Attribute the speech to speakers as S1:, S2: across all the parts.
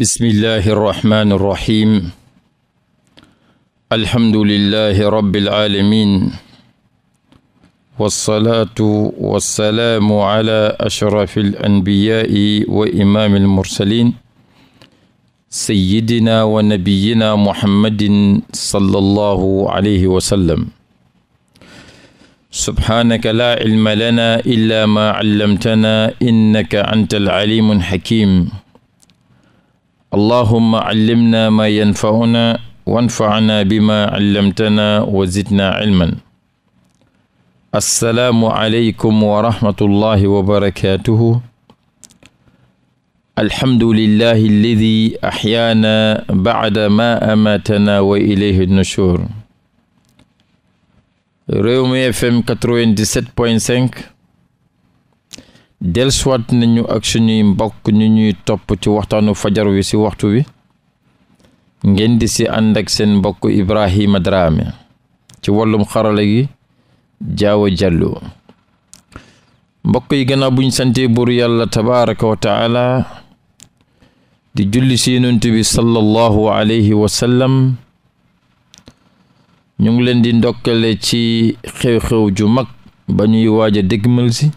S1: bismillahi irrahmani irrahim alhamdulillahi rabbil alamin walsalaatu walsalaamu ala ashrafi alanbiyaai wa imaami almursalin sayidina wa nabiyina muhammadin sallallahu alayhi wa sallam subhaanaka laa cilma lana illa maa callamtana innaka anta alcalimu alxakim allahuma callimna maa yanfa'una wanfa'na bimaa callamtana wa zidna cilman assalaamu aleykum wa rahmatullahi wa barakaatuhu alhamdulillahi alladi axyaana bacda ma amaatana wa ilayhi nushur Rewmi FM 97.5 delsuwaat nañu ak suñuy mbokk ñu ñuy topp ci waxtaanu fajar wi ci waxtu wi ngeen di si ànd ak seen mbokk Ibrahima Dramé ci wàllum xarala gi jaawa jàllo mbokk yi gannaaw buñ sante buur yàlla tabaraka wa taala di julli ci yonent bi sallallahu alayhi ñu ngi leen di ndokkale ci xewxew ju mag ba ñuy waaj a dégmal si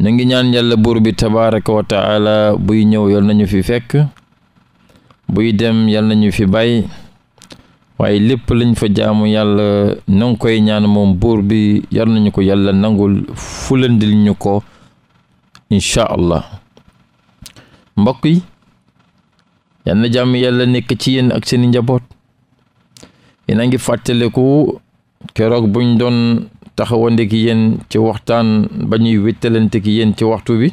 S1: ñu ngi ñaan yàlla buur bi tabaraka wa buy ñëw yal nañu fi fekk buy dem yal nañu fi bàyyi waaye lépp lañ fa jaamu yàlla na nga koy ñaan moom buur bi yal nañu ko yàlla nangul fulandil ñu ko incha allah mbokk yi yal na jàmm yàlla nekk ci yenn ak seeni njaboot yéen a ngi fàttaliku keroog buñ doon taxawande ki yéen ci waxtaan ba ñuy wéttalante ki yéen ci waxtu bi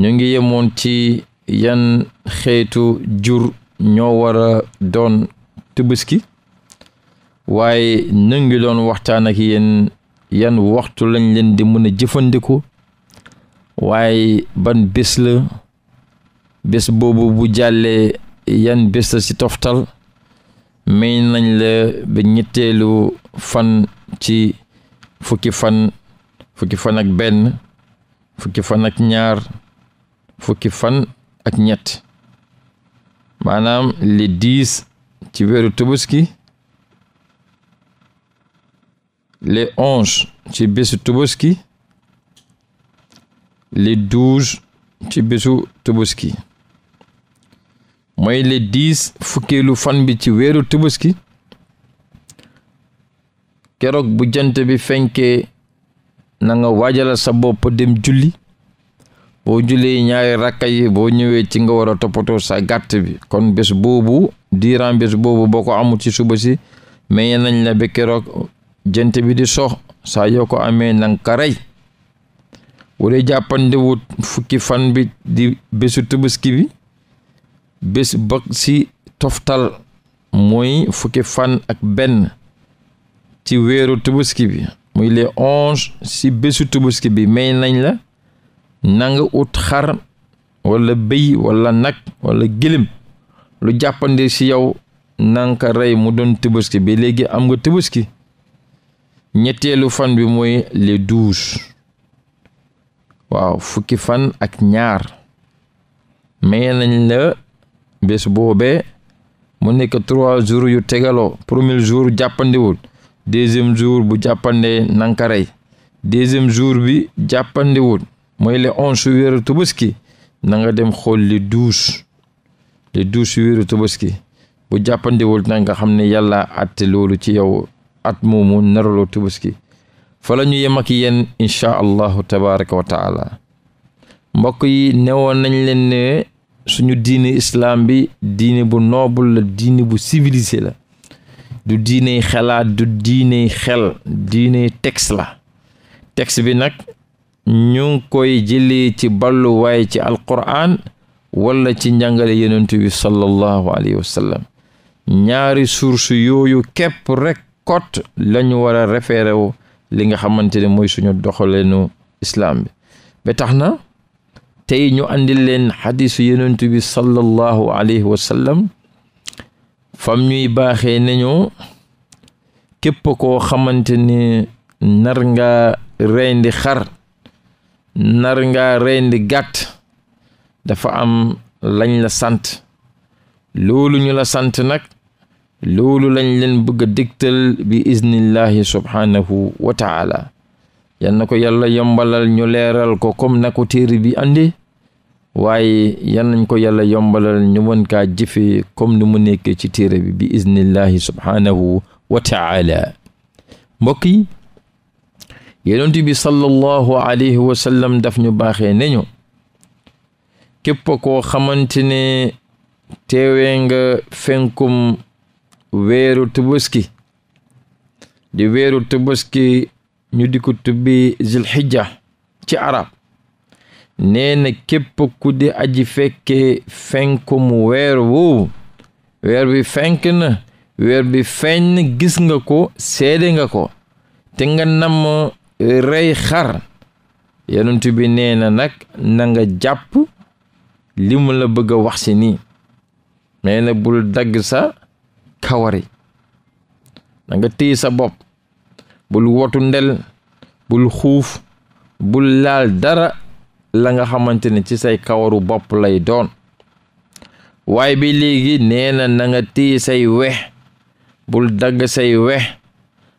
S1: ñu ngi yemoon ci yan xeetu jur ñoo war a doon tabaski waaye ñu ngi doon waxtaan ak yéen yan waxtu lañ leen di mën a jëfandiku waaye ban bés la bés boobu bu jàllee yan bés la ci toftal may nañ la ba ñetteelu fan ci fukki fan fukki fan ak benn fukki fan ak ñaar fukki fan ak ñett maanaam le dix ci weeru tubuski le onze ci bésu tubuski le douze ci bésu tubuski mooy le dix fukkeelu fan bi ci weeru tubuski keroog bu jant bi fenkee na nga waajala sa bopp dem julli boo jullee ñaari rakka yi boo ñëwee ci nga war a toppatoo sa gàtt bi kon bés boobu diiran bés boobu boo ko amul ci suba si mais nañ la ba keroog jant bi di sox saa yoo ko amee na nga ko rey wala jàppandewut fukki fan bi di bésu tubaski bi bés ba si toftal mooy fukki fan ak benn ci weeru tubuski bi muy les onze ci bésu tubuski bi may nañ la nanga ut xar wala béy wala nag wala gëlëm lu jàppande ci yow nanka rey mu doon tubuski bi léegi am nga tubuski ñetteelu fan bi mooy les douze waaw fukki fan ak ñaar may nañ la bés boobee mu nekk trois jours yu tegaloo premier jour jàppandiwul deuxième jour bu jàppande nankarey deuxième jour bi jàppandiwul mooy le on su wéeru tubaski na nga dem xool le douze le douze su wéeru bu jàppandiwul na nga xam ne yàlla atte loolu ci yow at moomu naraloo tubaski fa la ñu yem ak yéen incha allahu tabaraka wa taala mbokk yi suñu diine islaam bi diine bu noobul la diine bu civilisé la du diine xalaat du diiney xel diine texte la texte bi nag ñu koy jëlee ci balluwaay ci alquran wala ci njàngale yonent bi sallallahu alayhi wa sallam ñaari source yooyu kepp rekk kot lañu ñu war a référé li nga xamante ne mooy suñu doxalinu islaam bi ba tax na tey ñu andil leen xadisu yonent bi sallallahu alayhi wa fam ñuy baaxee nañoo képp koo xamante ne nar ngaa reyndi xar nar nga reyndi gàtt dafa am lañ la sant loolu ñu la sant nag loolu lañ leen bëgg a bi iznillahi subhaanahu wa yal na ko yàlla yombalal ñu leeral ko comme na téere bi andi waaye yal nañ ko yàlla yombalal ñu mën kaa jëfe comme ni mu nekkee ci téere bi bi iznillahi subhaanahu wa taala mbokk yi yonent bi sallallahu alayhi wa daf ñu baaxee ne ñu képp koo xamante ne teewee nga fenkum weeru tubuski di weeru tubuski ñu di ko tubbi zilxijja ci arab nee na képp ku di aji fekke fenk mu weer woowu weer bi fenk na weer bi feeñ gis nga ko seede nga ko te nga nam rey xar yonent bi nee na nag na nga jàpp li la bëgg a wax si nii nee bul dagg sa kawari na nga téye sa bopp bul wotu ndel bul xuuf bul laal dara la nga xamante ne ci say kawaru bopp lay doon waay bi léegi nee na na nga téye say wex bul dagg say wex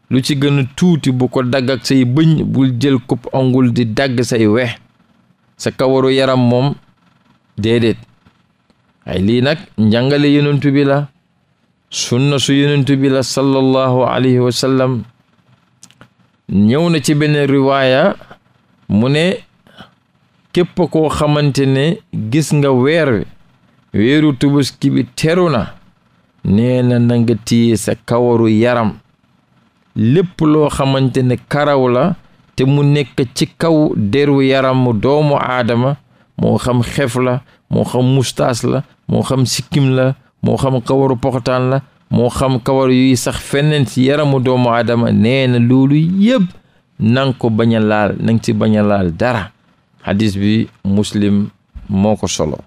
S1: lu ci gën tuuti bu ko dagg say bëñ bul jël coupe ongul di dagg say wex sa kawaru yaram moom déedéet ay lii nag njàngale yonent bi la sunna su yonent bi la sallallahu alayhi wa ñëw na ci beneen riwaaya mu ne képp koo xamante ne gis nga weer wi weeru tubuski bi teru na nee na nanga nga sa kawaru yaram lépp loo xamante ne karaw la te mu nekk ci kaw deru yaramu doomu aadama moo xam xef la moo xam mustaas la moo xam sikkim la moo xam kawaru poxtaan la moo xam kawar yuy sax feneen ci yaramu doomu aadama nee na loolu yépp nang ko bañ a laal nang ci bañ a laal dara hadis bi muslim moo ko solo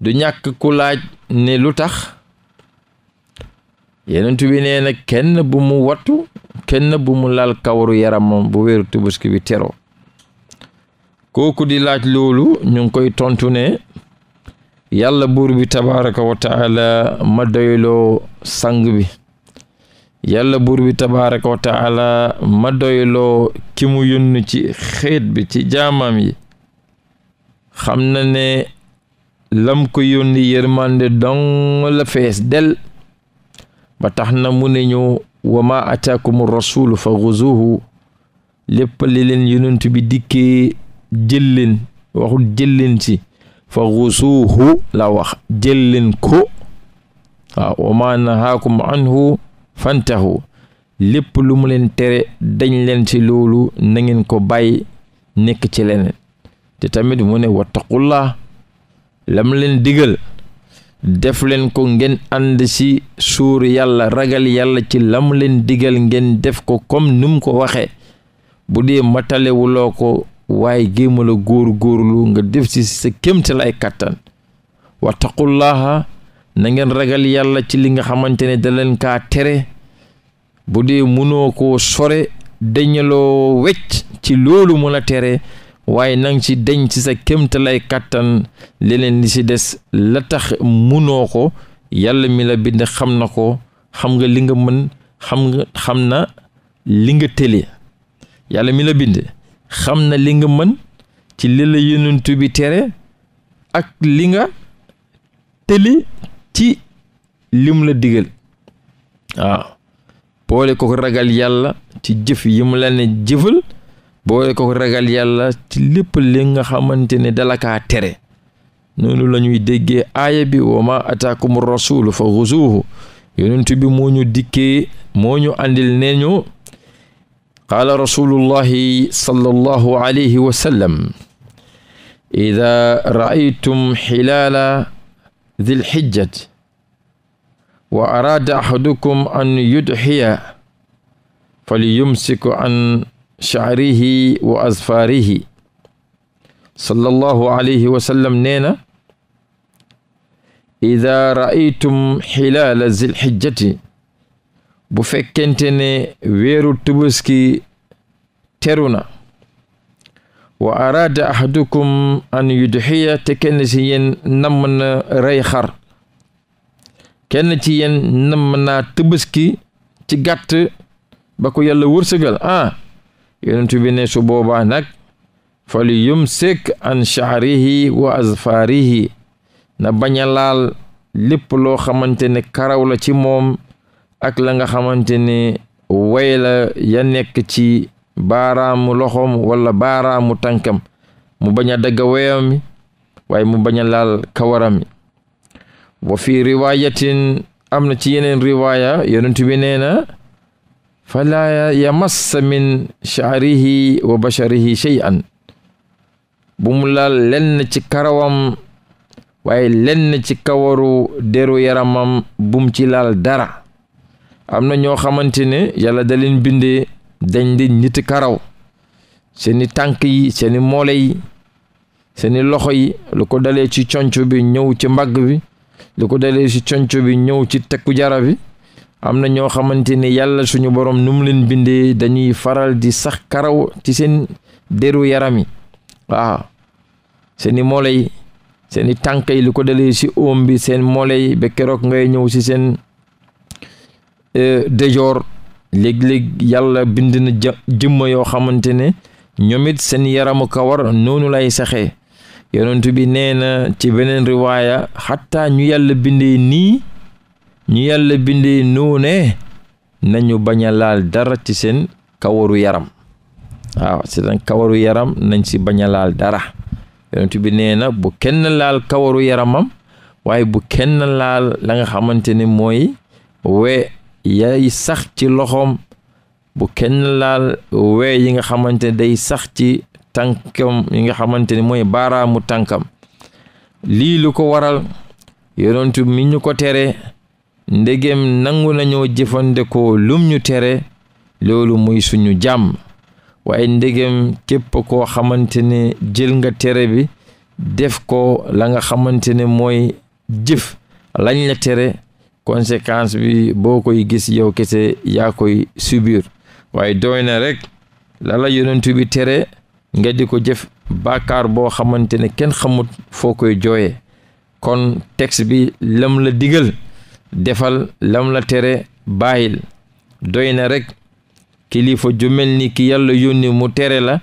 S1: du ñàkk ku laaj ne lu tax yenent bi nee na kenn bu mu wattu kenn bu mu laal kawaru yaramam bu wéeru tubuski bi tero kooku di laaj loolu ñu ngi koy tontu ne yàlla buur bi tabaraka ma doyloo sang bi yàlla buur bi tabaraka wa taala ma doyloo ki mu yónn ci xeet bi ci jaamam yi xam na ne lam ko yónni yërmande dong la fees del ba tax na mu ne ñu wa ma ataakum rasulu fa xuzuhu lépp li leen bi dikkee jëlleen waxul jëlleen ci fa xusuuhu la wax jël leen ko waaw wa ma nahaakum anhu fantahu lépp lu mu leen tere dañ leen ci loolu nangeen ko bàyyi nekk ci leneen te tamit mu ne wattaqullah lam leen digal def leen ko ngeen ànd ci suur yàlla ragal yàlla ci lam leen digal ngeen def ko comme num ko waxe bu dee matalewuloo ko waaye gémmal góor góorlu nga def si sa kémtal ay kàttan wattaqullaha na nangeen ragal yàlla ci li nga xamante ne daleen kaa tere bu dee mënoo ko sore dañaloo wecc ci loolu mu la tere waaye nang ci deñ ci sa lay kàttan leneen li ci des la tax mënoo ko yàlla mi la bind xam na ko xam nga li nga mën xam nga xam na li nga tële yàlla mi la bind xam na li nga mën ci li la yonent bi tere ak li nga tëli ci lim la diggal waaw boole ko ragal yàlla ci jëf yi mu la ne jëfal boole ko ragal yàlla ci lépp li nga xamante ne dalaka tere noonu la ñuy déggee aaya bi wa ma ataakum rasulu fa xuzuuhu yonent bi moo ñu dikkee moo ñu àndil nee ñu qaala rasulullahi sallallahu alayhi wa sallam ida raaytum xilaala dilxijjati wa araada ahadukum an yudxiya falyumsiku an shacrihi wa azfaarihi sallallahu alayhi wa sallam nee na ida raaytum xilaala zilxijjati bu fekkente ne weeru tubaski teru na wa araada ahadukum an yudxiya te kenn ci yéen namm na rey xar kenn ci yéen namm naa tubaski ci gàtt ba ko yàlla wërsëgal ah yonent bi ne boobaa nag fal yumsik an sha'rihi wa azfaarihi na bañ a laal lépp loo xamante ne karaw la ci moom ak la nga xamante ne way ya nekk ci baaraamu loxoom walla baaraamu tànkam mu bañ a dagg waaye mu bañ lal laal kawaram wa fi riwaayatin am na ci yeneen riwaaya yonent bi nee na falaa yamassa min sha'rihi wa basharihi shay'an bu mu lenn ci karawam waaye lenn ci kawaru deru yaramam bum ci lal dara am na ñoo xamante ne yàlla daleen bindee dañ di nit karaw seeni tànk yi seeni moole yi seeni loxo yi lu ko dalee ci conc bi ñëw ci mbagg bi lu ko dalee ci bi ñëw ci tekku jara bi am na ñoo xamante ne yàlla suñu boroom nu leen bindee dañuy faral di sax karaw ci seen deru yaram yi waaw seeni moole yi seeni tànk yi lu ko dalee ci óom bi seen moole yi ba keroog ngay ñëw ci seen Euh, dejoor léeg-léeg yàlla bind na yoo xamante ne ñoom it seen yaramu kawar noonu lay saxee yonent bi nee na ci beneen riwaaya xataa ñu yàlla bindee nii ñu yàlla bindee noonee nañu bañ a laal dara ci seen kawaru yaram waaw seen kawaru yaram nañ si bañ a laal dara yonent bi nee bu kenn laal kawaru yaramam waaye bu kenn laal langa nga xamante mooy we yay sax ci loxoom bu kenn laal wee yi nga xamante ne day sax ci tànkam yi nga xamante ne mooy baaraamu tànkam lii lu ko waral yonentu mi ñu ko tere ndegem nangu nañoo jëfandikoo lum ñu tere loolu muy suñu jàmm waaye ndegem képp koo xamante ne jël nga tere bi def ko la nga xamante ne mooy jëf lañ la tere conséquence bi boo koy gis yow kese yaa koy subir waaye doy na rek lala yonent bi tere nga di ko jëf bàkkaar boo xamante ne kenn xamut foo koy jooye kon texte bi lam la digal defal lam la tere bàyyil doy na rek kilifa ju mel ni ki yàlla yónni mu tere la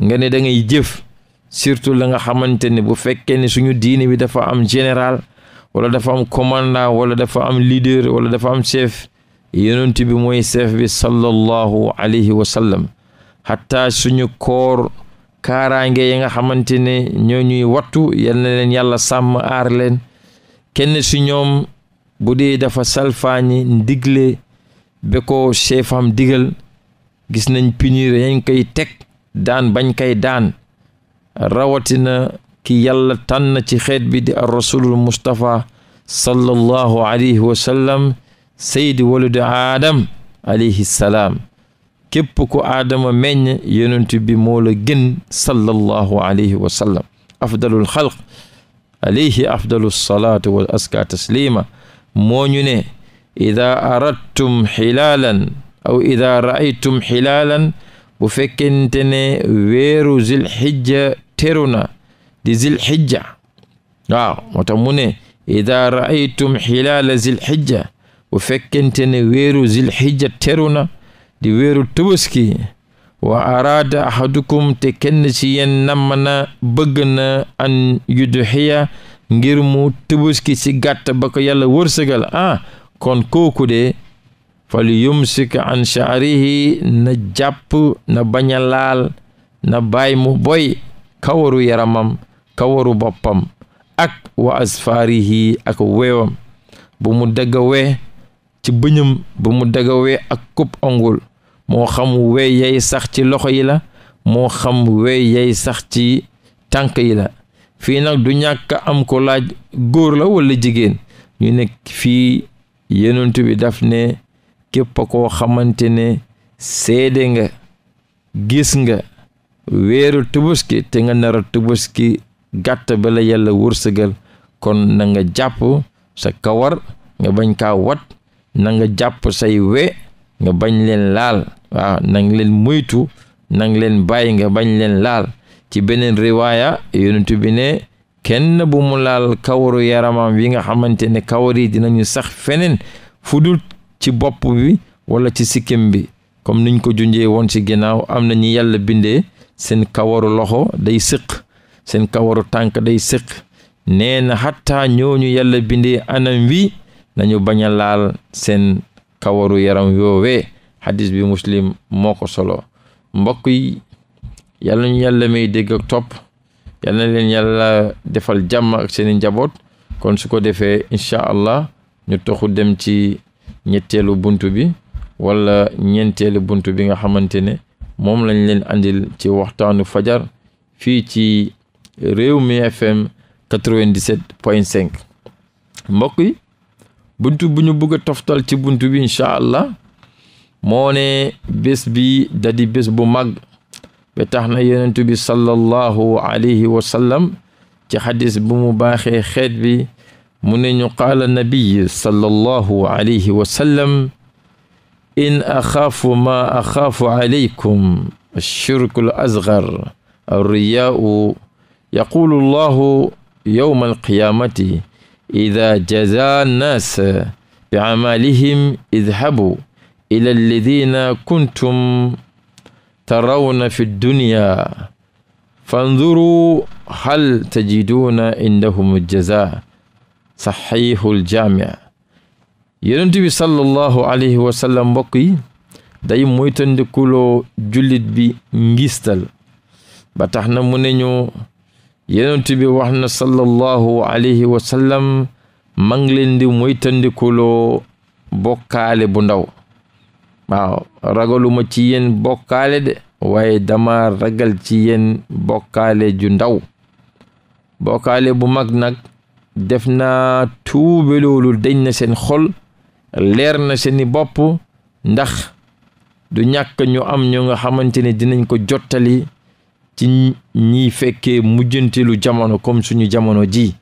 S1: nga ne da ngay jëf surtout la nga xamante ne bu fekkee ne suñu diine bi dafa am général wala dafa am commandant wala dafa am leader wala dafa am chef yonent bi mooy chef bi sallallahu alayhi wa hatta suñu koor kaaraange yi nga xamante ne ñoo ñuy wattu yal na yàlla sàmm aar leen kenn si ñoom bu dee dafa salfaañi ndigle be ko chef am digal gis nañ punir yañ koy daan bañ koy daan rawatina ki yàlla tànn ci xeet bi di ar rasulul mustapha sallallahu alayhi wa sallam saydi walude aadam alayhi salaam képp ku aadama meññ yonent bi moo la gën sallallahu alayhi wa sallam afdalul xalq alayhi afdalu salaatu wa aska taslima moo ñu ne ida aradtum xilaalan aw ida raaytum xilaalan bu fekkente ne weeru zilxijja teru na di zilxijja waaw moo tax mu ne ida raaytum xilaala zilxijja bu fekkente ne weeru zilxijja teru di weeru tabaski wa araada ahadukum te kenn ci yeen namm bëgg na an yudxiya ngir mu tabaski ci gàtt ba ko yàlla wërsëgal ah, kon kooku de fal yumsik an sha'rihi na jàpp na bañ laal na bàyyi boy kawaru yaramam kawaru boppam ak wa yii ak weewam bu mu daggawee ci bëñam bu mu daggawee ak kub ongul moo xam wee yay sax ci loxo yi la moo xam wee yay sax ci tànk yi la fii nag du ñàkk am ko laaj góor la walla jigéen ñu nekk fii yenentu bi daf ne képp koo xamante ne seede nga gis nga weeru tubuski te nga nar tubuski gàtt ba la yàlla wërsëgal kon nanga nga jàpp sa kawar nga bañ kaa wat na nga jàpp say we nga bañ leen laal waaw na leen moytu na leen bàyyi nga bañ leen laal ci beneen riwaaya yonent bi ne kenn bu mu laal kawaru yaramam wi nga xamante ne kawar yi dinañu sax feneen fu dul ci bopp bi wala ci sikkim bi comme niñ ko junjee woon ci ginnaaw am na ñi yàlla bindee seen kawaru loxo day sëq seen kawaru tànk day sëq neena na xattaa ñooñu yàlla bindee anam wi nañu bañ a laal seen kawaru yaram yoowee xadis bi muslim moo ko solo mbokk yi yàlla ñu yàlla may dégg topp yàlla na leen yàlla defal jàmm ak seeni njaboot kon su ko defee incha allah ñu toxu dem ci ñetteelu buntu bi wala ñeenteelu buntu bi nga xamante ne moom lañ leen andil ci waxtaanu fajar fii ci réew mi fm 97 point 5 mbokk yi buntu bu ñu bëgg a toftal ci buntu bi incha allah moo ne bi dadi bés bu mag ba tax na yonent bi sallallahu alayhi wa ci xadis bu mu baaxee xeet bi mu ne ñu qaala nabiy sallallahu alayhi wa sallam in axaafu ma axaafu alaykum ashirkul asgar arriyaau yaqulu llahu yowma alqiyaamati ida jaza nnaas bi amalihim idhabu ila alladina kuntum tarawna fi dunya fanduru hal tajiduna indahum jaza sahihul jamia yonent bi sallallahu alayhi wa sallam mbokk yi day moytandikuloo jullit bi ngistal ba tax na mu ne ñu yonent bi wax na sallallahu alayhi wa sallam ma ngi leen di moytandikuloo bokkaale bu ndaw waaw ragaluma ci yen bokkaale de waaye dama ragal ci yéen bokkaale ju ndaw bokkaale bu mag nag def naa tuube loolu na seen xol leer na seeni bopp ndax du ñàkk ñu am ñu nga xamante ne dinañ ko jottali ci ñiy fekkee mujjanteelu jamono comme suñu jamono ji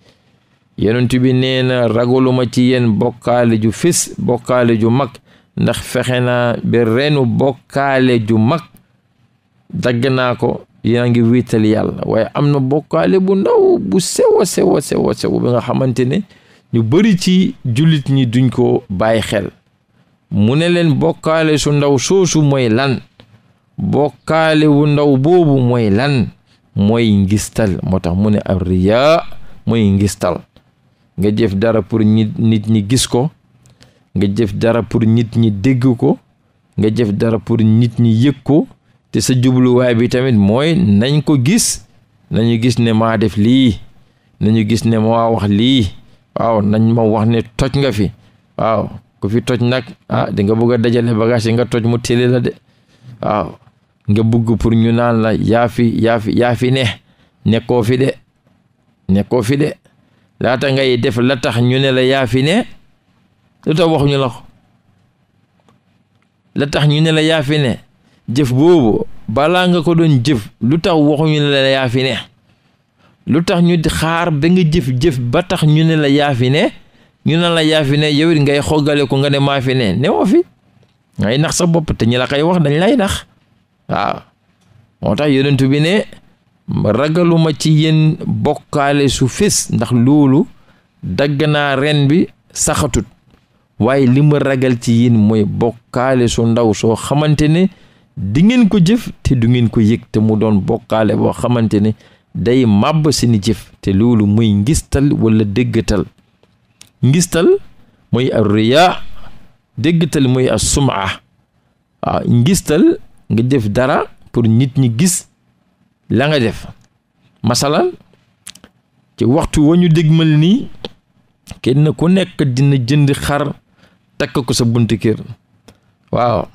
S1: yonent bi nee na ragaluma ci yenn bokkaale ju fis bokkaale ju mag ndax fexe naa ba reenu bokkaale ju mag dagg naa ko yaa ngi wiital yàlla waaye am na bokkaale bu ndaw bu sewa sewa sewa bi nga xamante ne ñu bari ci jullit ñi duñ ko bàyyi xel mu ne leen bokkaale su ndaw soosu moy lan bokkaale wu ndaw boobu mooy lan mooy ngistal moo tax mu ne ar riyaa mooy ngistal nga jëf dara pour nit nit ñi gis ko nga jëf dara pour nit ñi dégg ko nga jëf dara pour nit ñi yëg ko te sa jubluwaay bi tamit mooy nañ ko gis nañu gis ne maa def lii nañu gis ne maa wax lii waaw nañ ma wax ne toj nga fi waaw ku fi toj nag ah di nga bëgg dajale bagage yi nga toj mu télé la de waaw nga bugg pour ñu naan la yaa fi yaa fi ne nekkoo fi de nekkoo fi de laata ngay def la tax ñu ne la yaa fi ne lu waxuñu la la tax ñu ne la yaa ne jëf boobu balaa nga ko doon jëf lu tax waxuñu ne la yaa fi ne lu tax ñu xaar ba nga jëf-jëf ba tax ñu ne la yaa fi ne ñu ne la yaa fi ne yow ngay xoggale ko nga ne maa fi ne ne woo fi ngay ndax sa bopp te ñu la koy wax dañ lay nax waaw moo tax yonent bi ne ragaluma ci yéen bokkaale su fés ndax loolu dagg naa ren bi saxatut waaye li ma ragal ci yéen mooy bokkaale su ndaw soo xamante ne di ngeen ko jëf te du ngeen ko yëg te mu doon bokkaale boo xamante ne day màbb seeni jëf te loolu muy ngistal wala déggatal ngistal mooy ar riya déggatal mooy as sum'a waaw ngistal nga def dara pour nit ñi gis la nga def masalan ci waxtu wa ñu dégmal nii kenn ku nekk dina jënd xar takk ko sa buntu kër waaw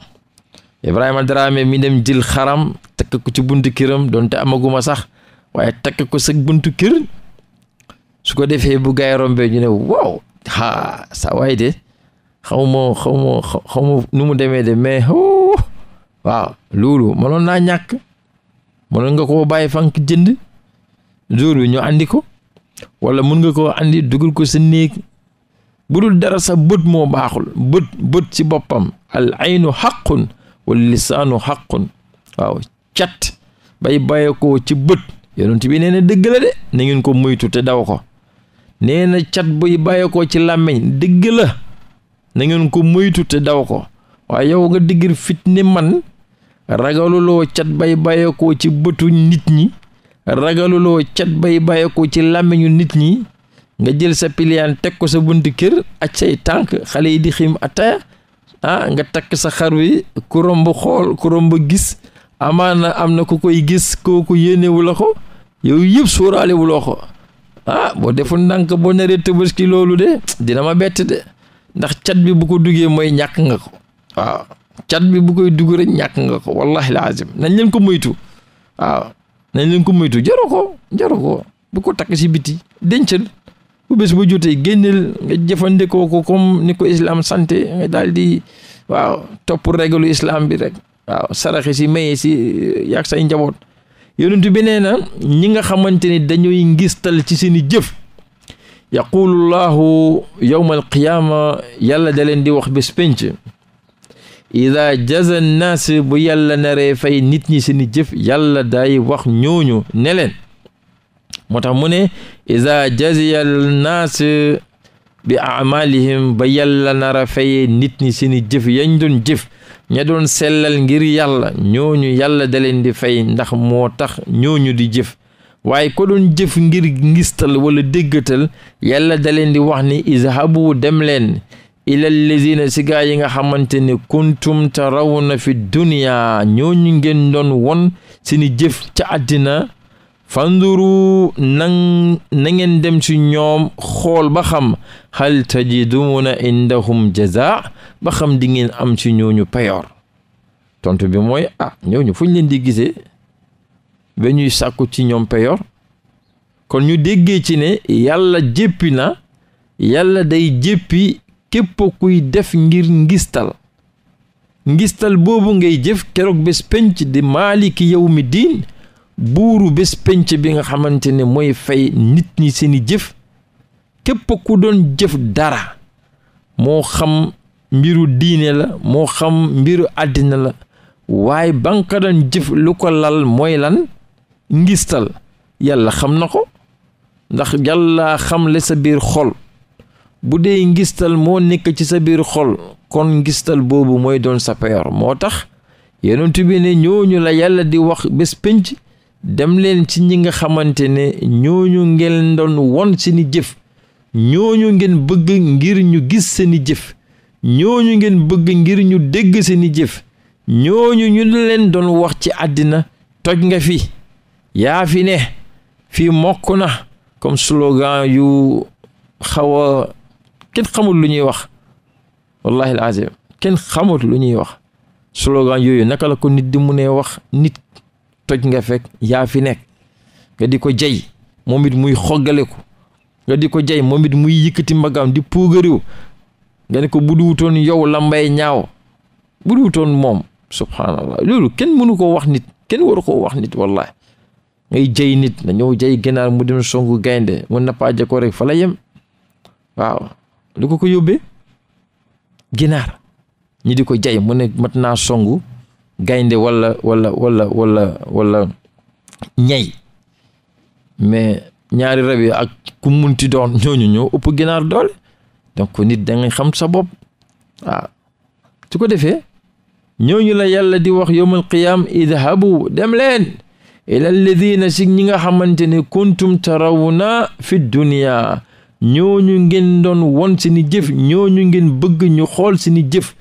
S1: Ibrahima Dramé mi dem jël xaram takk ko ci buntu këram donte amaguma sax waaye takk ko sa buntu kër su ko defee bu gaay rombe ñu ne waaw haa sa waay de xaw ma xaw nu mu demee de mais waaw loolu mënoon naa ñàkk mënoon nga ko bàyyi fank jënd jur bi ñu andi ko wala mun nga ko andi dugal ko sa néeg bu dul dara sa bët moo baaxul bët bët ci boppam al aynu xaqun wala lisaanu xaqun waaw cat bay bàyyi ko ci bët yonent bi nee na dëgg la de na ngeen ko moytu te daw ko nee cat buy bàyyi ko ci làmmiñ dëgg la na ngeen ko moytu te daw ko waa yow nga diggir fit ni man ragaluloo cat bay bàyyeekoo ci bëtu nit ñi ragaluloo cat bay bàyyeekoo ci làmmiñu nit ñi nga jël sa piliyaan teg ko sa buntu kër ak say tànk xale yi di xiim a ataya ah nga takk sa xar wi ku romb xool ku romb gis amaana am na ku koy gis kooku yéenewu la ko yow yëpp sóoraale wuloo ko ah boo deful ndànk boo naree ki loolu de dina ma bett de ndax cat bi bu ko duggee mooy ñàkk nga ko waaw cat bi buggoy dugg rek ñàkk nga ko wallahi laazim nañ leen ko moytu waaw nañ leen ko moytu jaru ko jaru ko bu ko takk si biti dencal bu bés ba jotee génneel nga jëfandikoo ko comme ni ko islam santé nga daal di waaw topp réglu islam bi rek waaw saraxe si maye si eh, yàgg say njaboot yonent bi nee na ñi nga xamante ni dañuy ngistal ci seeni jëf yaqulu llahu yawma alqiyaama yàlla da leen di wax bés penc ida jaza naas bu yàlla naree fay nit ñi seeni jëf yàlla day wax ñooñu ne moo tax mu ne ida jaziya nas bi amalihim ba yàlla nara fay nit ñi seeni jëf yañ doon jëf ña doon sellal ngir yàlla ñooñu yàlla da leen di fay ndax moo tax ñooñu di jëf waaye ko doon jëf ngir ngistal wala déggatal yàlla da leen di wax ni izhabu dem leen ilal lazina si gaa yi nga xamante ne kuntum tarawna fi dunya ñooñu ngeen doon won seeni jëf ca àddina fanduru nan na ngeen dem ci ñoom xool ba xam hal tajiduuna indahum jaza ba xam di ngeen am ci ñooñu payoor tontu bi mooy ah ñooñu fuñ leen di gise ba ñuy sàkku ci ñoom payoor kon ñu déggee ci ne yàlla jéppi na yàlla day jéppi képp kuy def ngir ngistal ngistal boobu ngay jëf keroog bés penc di maaliki mi diin buuru bés penc bi nga xamante ne mooy fay nit ñi seeni jëf képp ku doon jëf dara moo xam mbiru diine la moo xam mbiru àddina la waaye ba doon jëf lu ko lal mooy lan ngistal yàlla xam na ko ndax yàlla xam le sa biir xol bu dee ngistal moo nekk ci sa biir xol kon ngistal boobu mooy doon sa payoor moo tax yonent bi ne ñooñu la yàlla di wax bés pénc dem leen ci ñi nga xamante ne ñooñu ngeen doon won seeni jëf ñooñu ngeen bëgg ngir ñu gis seeni jëf ñooñu ngeen bëgg ngir ñu dégg seeni jëf ñooñu ñu leen doon wax ci àddina toj nga fi yaafi ne fii mokk na comme slogan yu xaw kenn xamul lu ñuy wax wallahi alazim kenn xamul lu ñuy wax slogan yooyu naka la ko nit di mu ne wax nit toj nga fekk yaa fi nekk nga di ko jay moom it muy xoggaleku nga di ko jay moom it muy yëkkati mbagam di puugariw nga ne ko bu duwutoon yow la ñaaw bu duwutoon moom subhanallah loolu kenn mënu ko wax nit kenn waru ko wax nit wallahi ngay jay nit na ñëw jay ganaar mu dem songu gaynde mu nappaaje ko rek fala yem waaw lu ko ko yóbbee ginaar ñi di ko jay mu ne mat naa songu gaynde walla walla walla walla walla ñay mais ñaari rab yi ak ku munti doon ñooñu ñoo ëpp ginaar doole donc nit da nga xam sa bopp waaw ah. su ko defee ñooñu la yàlla di wax yowmal qiyaam idhabu dem leen ila si ñi nga xamante ne kuntum naa fi dunia ñooñu ngeen doon won si ni jëf ñooñu ngeen bëgg ñu xool seeni jëf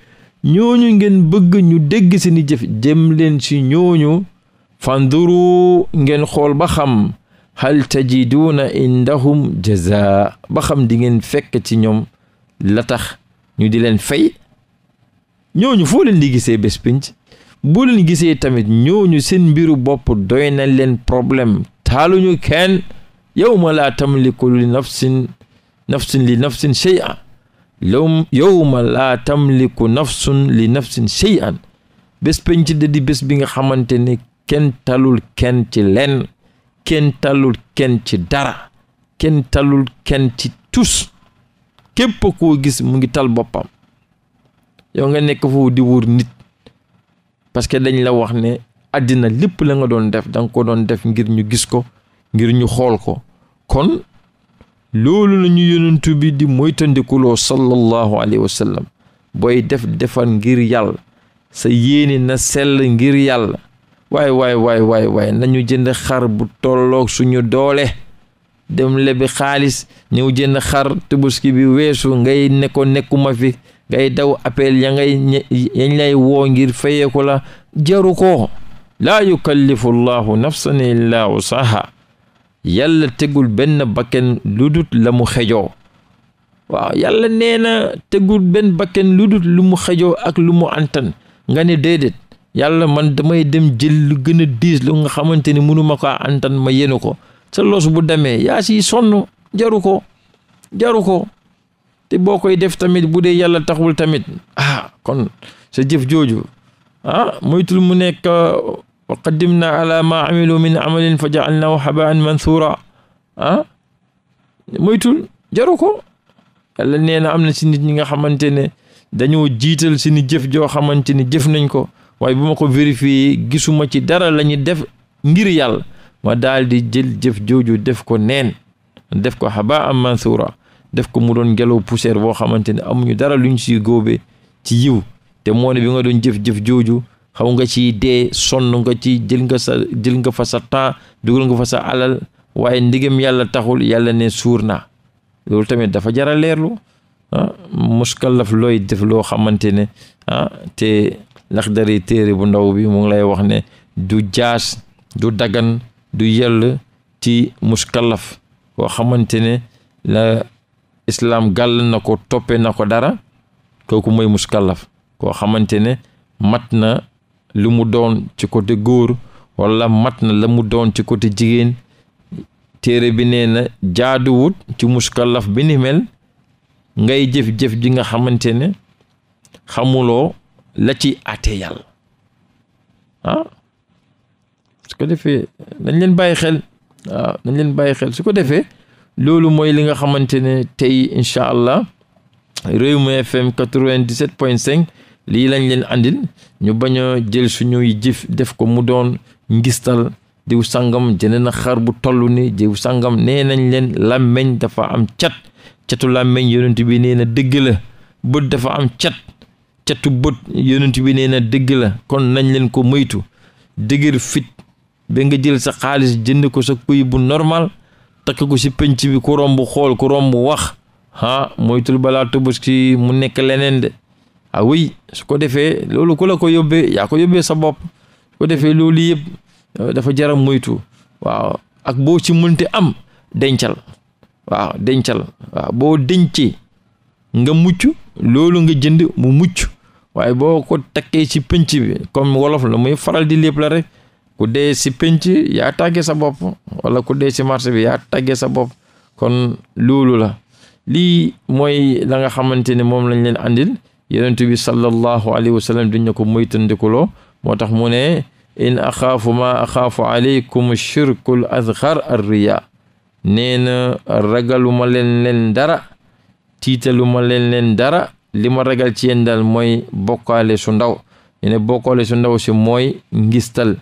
S1: ñooñu ngeen bëgg ñu dégg seeni jëf jëm leen si ñooñu fanduru ngeen xool ba xam hal tajiduuna ndaxum jazaa ba xam di ngeen fekk ci ñoom la tax ñu di leen fay ñooñu foo leen di gisee bés pinc boo leen gisee tamit ñooñu seen mbiru bopp doy na leen problème taaluñu kenn yawma laa tamliku li nafsin nafsin li nafsin shay'an yowma laa tamliku nafsun li nafsin shay'an bés penc de di bés bi nga xamante ne kenn talul kenn ci lenn kenn talul kenn ci dara kenn talul kenn ci tus képp koo gis mu ngi tal boppam yow nga nekk foofu di wër nit parce que dañ la wax ne àddina lépp la nga doon def da ko doon def ngir ñu gis ko ngir ñu xool ko kon loolu la ñu bi di moytandikuloo sallallahu alayhi booy def defan ngir yàlla sa yéene na sell ngir yàlla waay waay waay nañu jënd xar bu tolloog suñu doole dem bi xaalis ñëw jënd xar tubuski bi weesu ngay nekko nekkuma fi ngay daw appel ya ngay woo ngir fayeeku la jaru ko laa yukallifu llahu nafsan illa yàlla tegul benn bakken lu dut la mu xejoo waaw yàlla nee na tegul benn bakken lu dut lu mu xejoo ak lu mu antan nga ne déedéet yàlla man damay dem jël lu gën a diis lu nga xamante ni mënuma ko antan ma yéene ko sa loos bu demee yaa si sonn jaru ko jaru ko te boo koy def tamit bu dee yàlla taxul tamit ah kon sa jëf jooju ah moytul mu nekk wa qaddimna ala ma amilu min amalin fa jaalnaahu habaan mansuura ah moytul jaru ko yàlla neena am na ci nit ñi nga xamante ne dañoo jiital seeni jëf joo xamante ni jëf nañ ko waaye bu ma ko vérifié gisuma ci dara la ñu def ngir yàlla ma daal di jël jëf jooju def ko neen def ko habaan mansuura def ko mu doon ngelaw poussière boo xamante ne amuñu dara luñ ci góobe ci yiw te moo ne bi nga doon jëf-jëf jooju xaw nga ci dee sonn nga ci jël nga sa jël nga fa sa temps dugal nga fa sa alal waaye ndigam yàlla taxul yàlla ne suur na loolu tamit dafa jara leerlu ah muskalaf looy def loo xamante ne ah te laxdari téere bu ndaw bi mu ngi lay wax ne du jaas du daggan du yell ci muskalaf koo xamante ne la islaam gàll na ko toppe na ko dara kooku mooy muskalaf koo xamante mat na lu mu doon ci côté góor wala mat na la mu doon ci côté jigéen téere bi nee na jaaduwut ci muskalaf bi ni mel ngay jëf-jëf ji nga xamante ne xamuloo la ci àtte yàlla ah su ko defee dañ leen bàyyi xel waaw ah, nañ leen bàyyi xel su ko defee loolu mooy li nga xamante ne tey incha allah Rewmi FM 97.5 lii lañ leen andil ñu bañ a jël suñuy jëf def ko mu doon ngistal diw sangam jënd na xar bu toll ni diw sàngam nee nañ leen làmmeñ dafa am cat catu làmmeñ yonent bi nee na dëgg la bët dafa am cat catu bët yonent bi nee na dëgg la kon nañ leen ko moytu dëgër fit ba nga jël sa xaalis jënd ko sa kuy bu normal takk ko ci penc bi ku bu xool ku bu wax ah moytul balaa ki mu nekk leneen de ah su ko defee loolu ku la ko yóbbee yaa ko yóbbee sa bopp su ko defee loolu yëpp euh, dafa jara moytu waaw ak boo ci mënte am dencal waaw dencal waaw boo dencee nga mucc loolu nga jënd mu mucc waaye boo ko takkee ci penc bi comme wolof la muy faral di lépp la rek ku dee si penc yaa tàggee sa bopp wala ku dee si marché bi yaa tàggee sa bopp kon loolu la lii mooy la nga xamante ne moom lañ leen àndil yonent bi sallallahu alayhi wa sallam diñ na ko moytandikuloo moo tax mu ne in axaafu ma axaafu aleykum shirkul azxar ar riya nee ragaluma leen leen dara tiitaluma leen leen dara li ma ragal ci yéen daal mooy bokkaale su ndaw ñu ne bokkaale su ndaw si mooy ngistal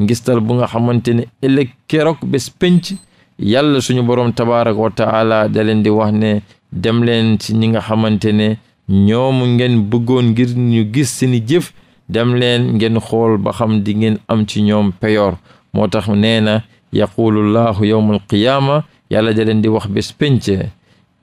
S1: ngistal bu nga xamante ne ëllëg keroog bés penc yàlla suñu boroom tabaaraka wa taala da di wax ne dem leen ci ñi nga xamante ne ñoom ngeen bëggoon ngir ñu gis sini jëf dem leen ngeen xool ba xam di ngeen am ci ñoom peyoor moo tax nee na yaqulullahu yowmal qiyaama yàlla da leen di wax bés pénc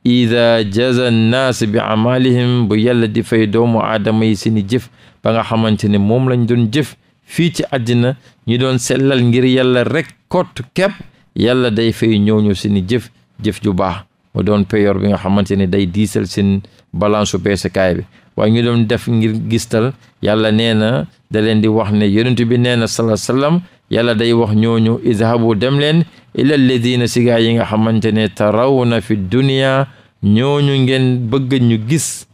S1: ida jaza naas bi amalihim bu yàlla di fay doomu aadama yi seeni jëf ba nga xamante ne moom lañ doon jëf fii ci àddina ñu doon sellal ngir yàlla rek kepp yàlla day fay ñooñu seeni jëf jëf ju baax mu doon peyor bi nga xamante ne day diisal seen balance su peesekaay bi waa ñu doon def ngir gistal yàlla nee na da leen di wax ne yonent bi nee na sala sallam yàlla day wax ñooñu izhabu dem leen ila alladina si gaa yi nga xamante ne na fi dunia ñooñu ngeen bëgg ñu gis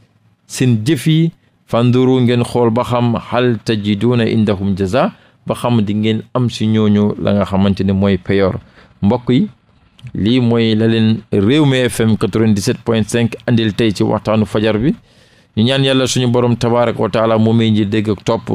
S1: seen jëf yi fanduru ngeen xool ba xam hal tajiduna indahum jaza ba xam di ngeen am si ñooñu la nga xamante ne mooy peyor mbokk yi lii mooy la leen Rewmi FM 97.5 andil tey ci waxtaanu fajar bi ñu ñaan yàlla suñu borom tabaaraka wa taala moo may ji dégg ak topp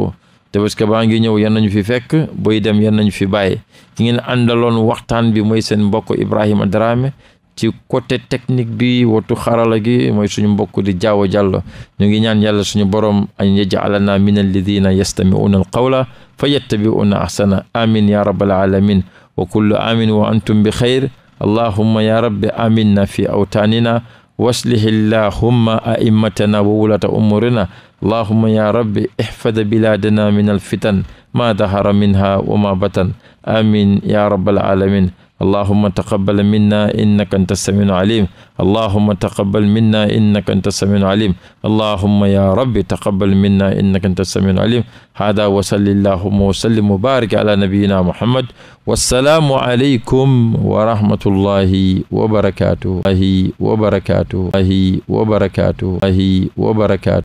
S1: tabaski baa ngi ñëw yan nañu fi fekk boy dem yan nañu fi bàyyi ki ngeen àndaloon waxtaan bi mooy seen mbokk Ibrahima Dramé ci côté technique bi watu xarala gi mooy suñu mbokk di jaawo jàll ñu ngi ñaan yàlla suñu borom an yajalana min alladina yastamiuna alqawla fa yattabiuna ahsana amin ya rabbal alamin wa kullu amin wa antum bi xayr allahumma ya rabbi aminna fi awtaanina waslih illahumma a'immatana wa wulata umurina allahumma ya rabbi ihfad biladana min alfitan ma dahara minha wa ma batan amin ya rabbal alamin allahuma taqabal minna innaka anta samiun alim allahuma taqabal minna innaka anta samiun alim allahuma ya rabbi taqabal minna innaka anta samiun alim hada wa salli llahuma wa sallim wa barik ala nabiyina muhammad wassalaamu aleykum wa rahmatullahi wa barakatuh ahi wa barakatuh ahi wa barakatuh ahi wa barakatuh